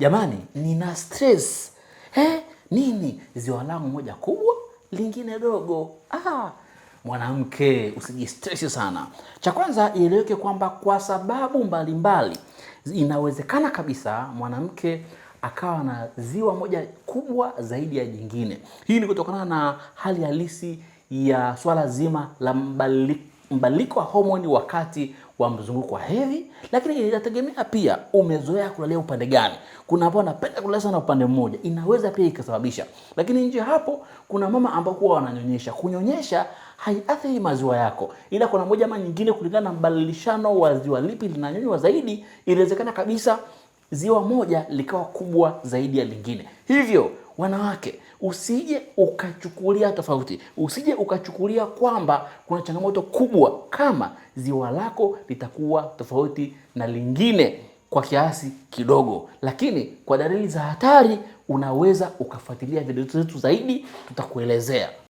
jamani, nina stress eh, nini? Ziwa langu moja kubwa, lingine dogo. Ah, mwanamke usijistresi sana. Cha kwanza ieleweke kwamba kwa sababu mbalimbali mbali, inawezekana kabisa mwanamke akawa na ziwa moja kubwa zaidi ya jingine. Hii ni kutokana na hali halisi ya swala zima la mabadiliko mbadiliko wa homoni wakati wa mzunguko wa hedhi, lakini inategemea pia umezoea kulalia upande gani. Kuna ambao wanapenda kulalia sana upande mmoja, inaweza pia ikasababisha. Lakini nje hapo, kuna mama ambao huwa wananyonyesha. Kunyonyesha haiathiri maziwa yako, ila kuna moja ama nyingine, kulingana na mbadilishano wa ziwa lipi linanyonywa zaidi, inawezekana kabisa ziwa moja likawa kubwa zaidi ya lingine, hivyo wanawake, usije ukachukulia tofauti, usije ukachukulia kwamba kuna changamoto kubwa kama ziwa lako litakuwa tofauti na lingine kwa kiasi kidogo, lakini kwa dalili za hatari unaweza ukafuatilia video zetu zaidi, tutakuelezea.